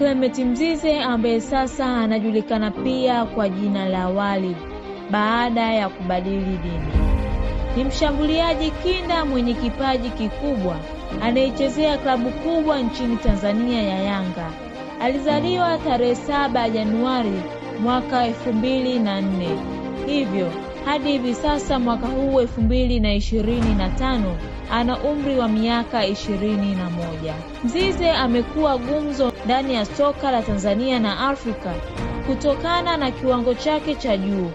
Clement Mzize ambaye sasa anajulikana pia kwa jina la Wali baada ya kubadili dini. Ni mshambuliaji kinda mwenye kipaji kikubwa anayechezea klabu kubwa nchini Tanzania ya Yanga. Alizaliwa tarehe 7 Januari mwaka 2004. hivyo hadi hivi sasa mwaka huu elfu mbili na ishirini na tano ana umri wa miaka ishirini na moja. Mzize amekuwa gumzo ndani ya soka la Tanzania na Afrika kutokana na kiwango chake cha juu,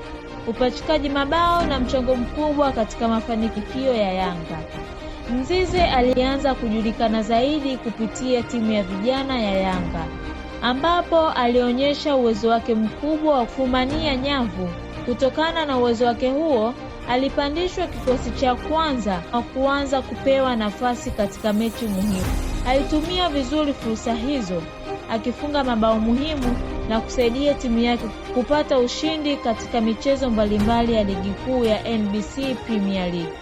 upachikaji mabao na mchango mkubwa katika mafanikio ya Yanga. Mzize alianza kujulikana zaidi kupitia timu ya vijana ya Yanga ambapo alionyesha uwezo wake mkubwa wa kufumania nyavu Kutokana na uwezo wake huo alipandishwa kikosi cha kwanza na kuanza kupewa nafasi katika mechi muhimu. Alitumia vizuri fursa hizo akifunga mabao muhimu na kusaidia timu yake kupata ushindi katika michezo mbalimbali ya ligi kuu ya NBC Premier League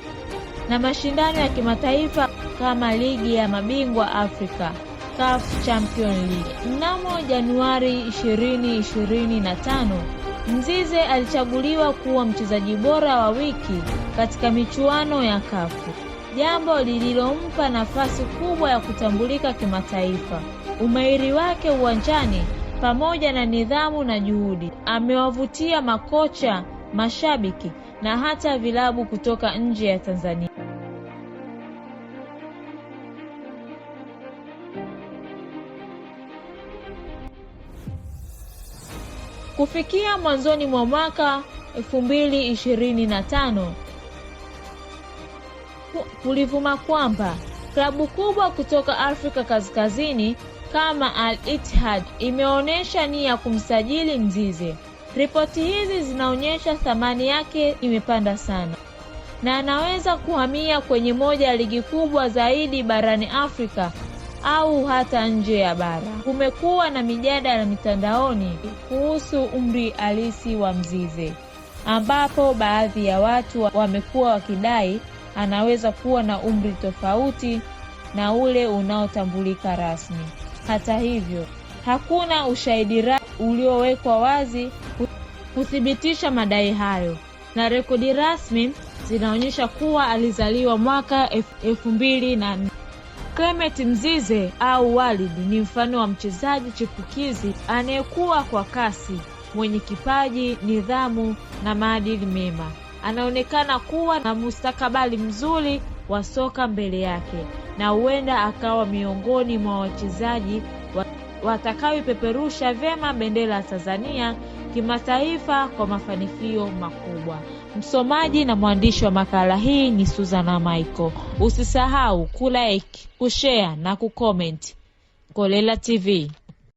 na mashindano ya kimataifa kama ligi ya mabingwa Afrika CAF Champions League. Mnamo Januari 2025 Mzize alichaguliwa kuwa mchezaji bora wa wiki katika michuano ya Kafu, jambo lililompa nafasi kubwa ya kutambulika kimataifa. Umahiri wake uwanjani pamoja na nidhamu na juhudi amewavutia makocha, mashabiki na hata vilabu kutoka nje ya Tanzania. kufikia mwanzoni mwa mwaka 2025 kulivuma kwamba klabu kubwa kutoka Afrika Kaskazini kama Al Ittihad imeonyesha nia ya kumsajili Mzize. Ripoti hizi zinaonyesha thamani yake imepanda sana na anaweza kuhamia kwenye moja ya ligi kubwa zaidi barani Afrika au hata nje ya bara. Kumekuwa na mijadala mitandaoni kuhusu umri halisi wa Mzize, ambapo baadhi ya watu wamekuwa wakidai anaweza kuwa na umri tofauti na ule unaotambulika rasmi. Hata hivyo, hakuna ushahidi uliowekwa wazi kuthibitisha madai hayo, na rekodi rasmi zinaonyesha kuwa alizaliwa mwaka elfu mbili na Clement Mzize au Walid ni mfano wa mchezaji chipukizi anayekuwa kwa kasi, mwenye kipaji, nidhamu na maadili mema. Anaonekana kuwa na mustakabali mzuri wa soka mbele yake na huenda akawa miongoni mwa wachezaji wa watakayoipeperusha vyema bendera ya Tanzania kimataifa kwa mafanikio makubwa. Msomaji na mwandishi wa makala hii ni Suzana Michael. Usisahau kulike, kushare na kucomment. Kolela TV.